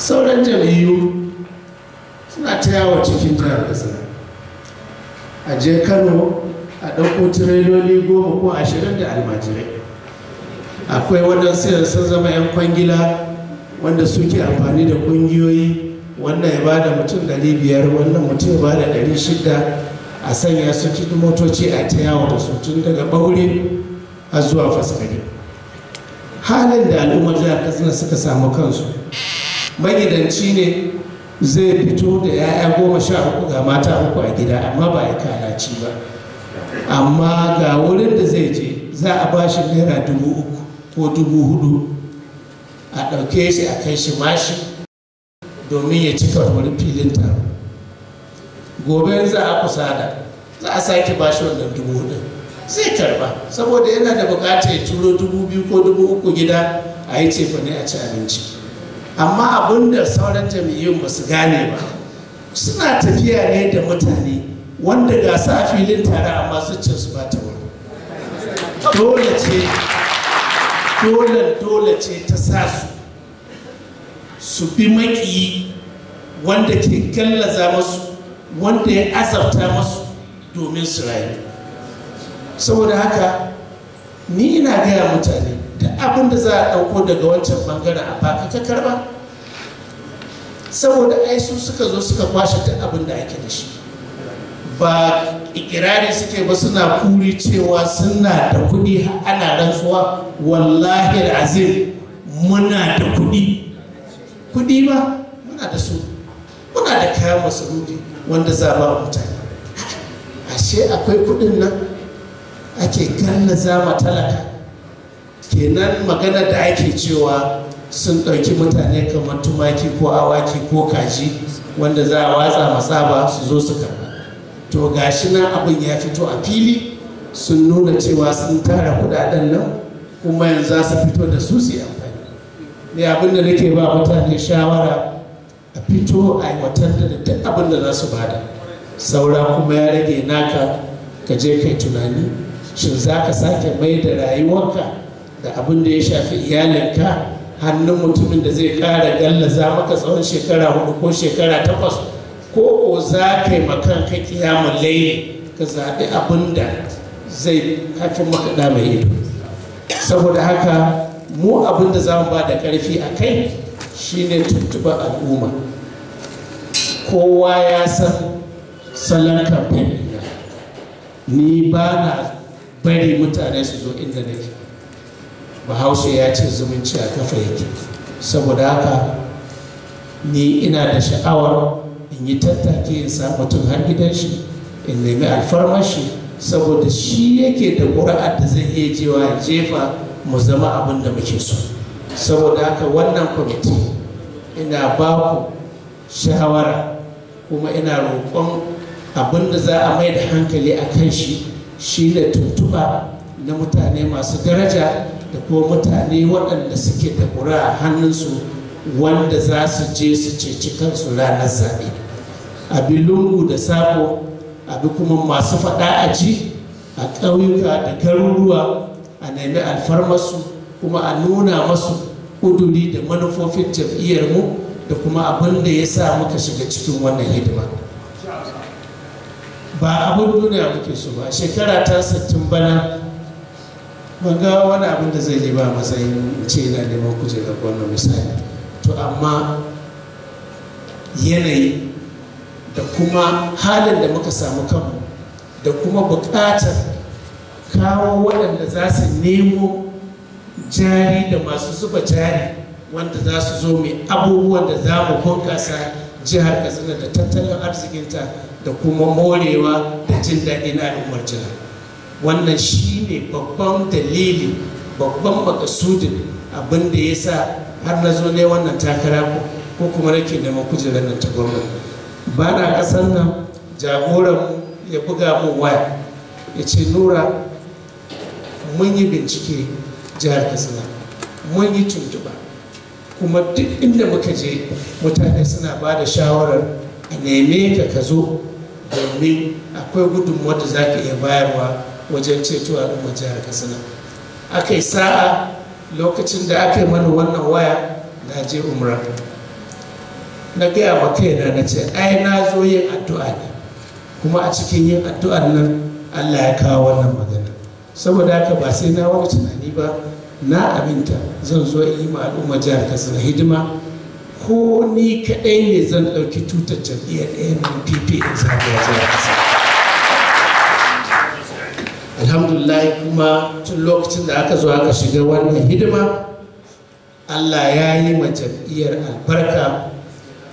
sauran jam'iyyu suna ta yawo cikin jihar katsina a je kano a ɗauko tireloli goma ko ashirin da almajirai akwai waɗansu sun zama 'yan kwangila wanda suke amfani da ƙungiyoyi wannan ya bada mutum ɗari biyar wannan mutum ya bada ɗari shida a sanya su cikin motoci a ta yawo da su tun daga ɓaure har zuwa fasfari halin da al'ummar jihar katsina suka samu kansu magidanci ne zai fito da ya'ya goma sha uku ga mata uku a gida amma ba ya kalaci ba amma ga wurin da zai je za a ba shi naira dubu uku ko dubu hudu a ɗauke shi a kai shi mashi domin ya cika wurin filin taro gobe za a kusa da za a sake ba shi wannan dubu hudu zai karba saboda yana da bukatar ya turo dubu biyu ko dubu uku gida a yi cefane a ci abinci amma abin da sauran jami'in ba su gane ba suna tafiya ne da mutane wanda ga sa a filin tare amma zuciyar su ba ta wuri dole ce dole dole ce ta sa su su bi maƙiyi wanda ke gallaza masu wanda ya azabta masu domin su rayu saboda haka ni ina gaya mutane da abin da za a ɗauko daga wancan bangaren a baka ka karba saboda ai su suka zo suka kwashe duk abin da ake da shi ba ikirari suke ba suna kuri cewa suna da kuɗi ana rantsuwa wallahi azim muna da kuɗi kuɗi ba muna da su muna da kayan masarufi wanda za ba mutane ashe akwai kuɗin nan ake ganna zama talaka kenan magana da ake cewa sun ɗauki mutane kamar tumaki ko awaki ko kaji wanda za a watsa matsaba su zo su karba to gashi nan abin ya fito a fili sun nuna cewa sun tara kuɗaɗen nan kuma yanzu za su fito da su su amfani ne abin da nake ba mutane shawara a fito aiwatar da duk abin da za su bada saura kuma ya rage naka ka je kai tunani shin za ka sake mai da rayuwarka da abin da ya shafi iyalinka hannun mutumin da zai ƙara gallaza maka tsawon shekara hudu ko shekara takwas ko ko za ka yi ka kiyamun laili ka zaɓi abin da zai haifin maka da mai ido saboda haka mu abin da za mu ba da ƙarfi a kai shine tuntuɓar al'umma kowa ya san salon kamfani ni ba na bari mutane su zo inda nake bahaushe ya ce zumunci a kafa yake saboda haka ni ina da sha'awar in yi tattake in sa mutum har gidan shi in nemi alfarmashi saboda shi yake da ƙura'ar da zai iya jewa jefa mu zama abin da muke so saboda haka wannan kwamiti ina ba ku shawara kuma ina roƙon abin da za a mai da hankali a kan shi shi ne tuntuɓa na mutane masu daraja da kuma mutane waɗanda suke da ƙura a hannunsu wanda za su je su ceci kansu ranar zaɓe abi lungu da sako abi kuma masu faɗa a ji a ƙauyuka da garuruwa a nemi alfarmasu kuma a nuna masu ƙuduri da manufofin jam'iyyarmu da kuma abin da ya sa muka shiga cikin wannan hidima ba abin duniya muke so ba shekara ta sittin bana ban ga wani abin da zai yi ba matsayin ce na neman kuje kujerar gwamna misali to amma yanayi da kuma halin da muka samu kanmu da kuma buƙatar kawo waɗanda za su nemo jari da masu zuba jari wanda za su zo mai abubuwan da za mu bunƙasa jihar katsina da tattalin arzikinta da kuma morewa da jin daɗi na al'ummar jihar wannan shi ne babban dalili babban makasudin abin da ya sa har na zo ne wannan takara ko kuma nake da da nan ta gwamnati ba na nan jagoran ya buga mun waya ya ce nura mun yi bincike jihar katsina mun yi tuntuba kuma duk inda muka je mutane suna ba da shawarar a neme ka ka zo domin akwai gudunmuwa da za ka iya bayarwa wajen ceto wajen jihar katsina aka yi sa'a lokacin da aka yi mana wannan waya na je umra na gaya wa kaina na ce ai na zo yin addu'a ne kuma a cikin yin addu'ar nan allah ya kawo wannan magana saboda haka ba sai na wani tunani ba na aminta zan zo yi ma al'umma jihar katsina hidima ko ni kaɗai ne zan ɗauki tutar jam'iyyar ampp in zagaya jihar katsina alhamdulillah kuma tun lokacin da aka zo aka shiga wannan hidima allah ya yi ma jam'iyyar albarka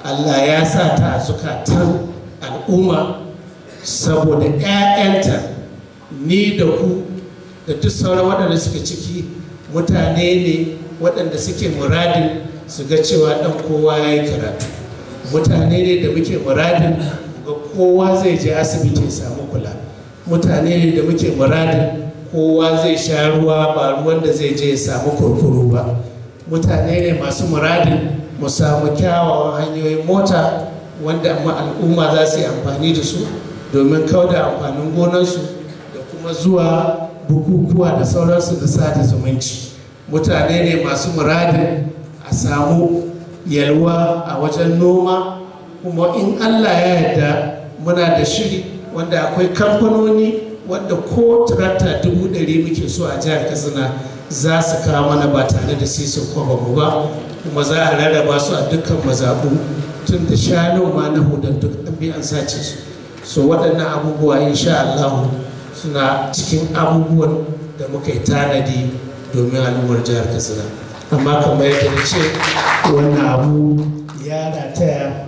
allah ya sa ta a zukatan al'umma saboda ƴaƴanta ni da ku da duk sauran waɗanda suke ciki mutane ne waɗanda suke muradin su ga cewa ɗan kowa ya yi karatu mutane ne da muke muradin ga kowa zai je asibiti ya samu kula mutane ne da muke muradin kowa zai sha ruwa ba ruwan da zai je ya samu kurkuru ba mutane ne masu muradin mu samu kyawawan hanyoyin mota wanda al'umma za su yi amfani da su domin kauda amfanin gonarsu da kuma zuwa bukukuwa da sauransu da sada zumunci mutane ne masu muradin a samu yalwa a wajen noma kuma in allah ya yarda muna da shiri wanda akwai kamfanoni wanda ko tirata dubu ɗari muke so a jihar katsina za su kawo mana ba tare da sisin kwabamu ba kuma za a rarraba su a dukkan mazaɓu tun da shanu ma na hudun duk an an sace su so waɗannan abubuwa insha Allah suna cikin abubuwan da muka yi tanadi domin al'ummar jihar katsina amma kamar yadda na ce wannan abu ya rataya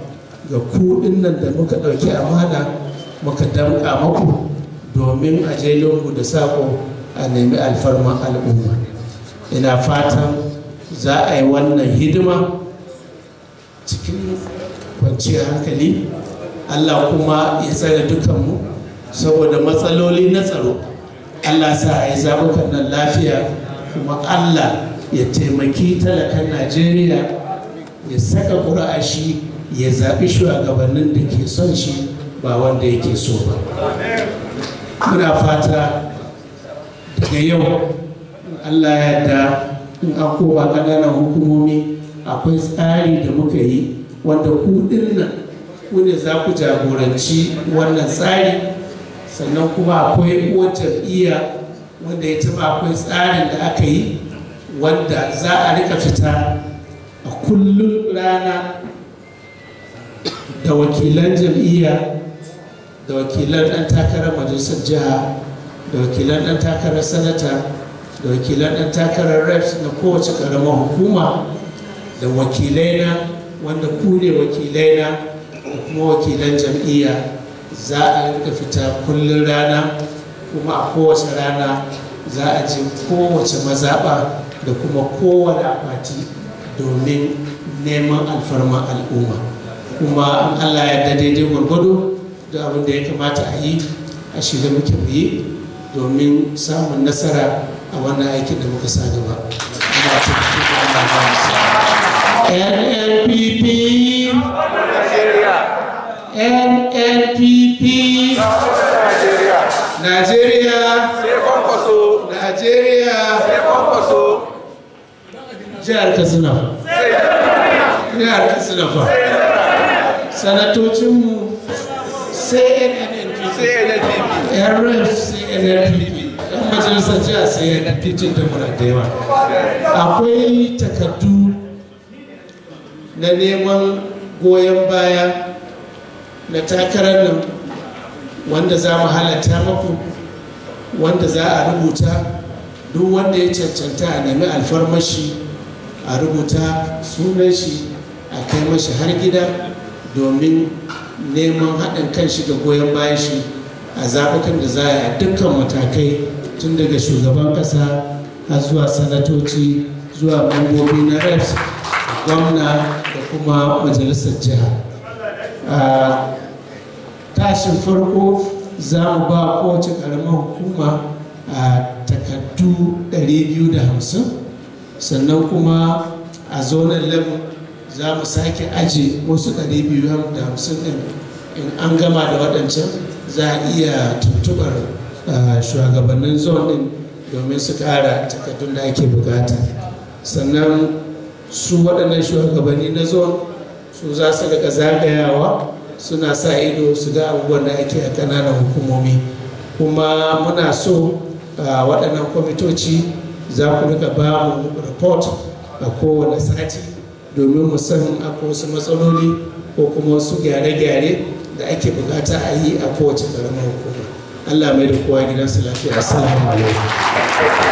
ga kuɗin nan da muka ɗauki amana muka damka maku domin a je da sako a nemi alfarman al'umma ina fatan za a yi wannan hidima cikin kwanciyar hankali allah kuma ya tsare dukanmu saboda matsaloli na tsaro allah sa a yi nan lafiya kuma allah ya taimaki talakan najeriya ya saka ƙura'a shi ya zaɓi shugabannin da ke son shi ba wanda yake so ba muna fata daga yau allah ya da in an koma ƙananan hukumomi akwai tsari da muka yi wanda ku nan ku ne za ku jagoranci wannan tsari sannan kuma akwai wata iya wanda ya taba akwai tsarin da aka yi wanda za a rika fita a kullum rana da wakilan jam'iyya da wakilan ɗan takarar majalisar jiha da wakilan ɗan takarar sanata da wakilan ɗan takarar reps na kowace ƙaramar hukuma da wakilai na wanda kune wakilai na da kuma wakilan jam'iyya za a rika fita kullum rana kuma a kowace rana za a je kowace mazaɓa da kuma kowane akwati domin neman alfarma al'umma kuma an allah ya daidai gwargwado da abin da ya kamata a yi a shirya muke mu yi domin samun nasara a wannan aikin da muka sa gaba. NNPP NNPP Nigeria Nigeria Jihar Katsina Jihar Katsina fa Sanatocinmu cnnpp yan ref cnnpp yan majalisar jiya cnnpp da muna da yawa akwai takardu na neman goyon baya na takarar nan wanda za mu maku wanda za a rubuta duk wanda ya cancanta a nemi alfarmashi a rubuta sunanshi a kai mashi har gida domin neman haɗin kan shi da goyon bayan shi a zaɓukan da za a yi a dukkan matakai tun daga shugaban ƙasa har zuwa sanatoci zuwa mambobi na reps gwamna da kuma majalisar jiha a tashin farko za mu ba kowace ƙaramin hukuma a takardu 250 sannan kuma a zonar level za mu sake aji wasu 250 ɗin in an gama da waɗancan za a iya tuntubar shugabannin zon ɗin domin su ƙara takardun da ake bukata sannan su waɗannan shugabanni na zon su za su daga zagayawa suna sa ido su ga abubuwan da ake a ƙananan hukumomi kuma muna so a waɗannan kwamitoci za ku rika ba mu report a kowane sati domin mu san akwai wasu matsaloli ko kuma wasu gyare-gyare da ake bukata a yi a kowace karamar hukuma allah mai da kowa gidansu lafiya assalamu alaikum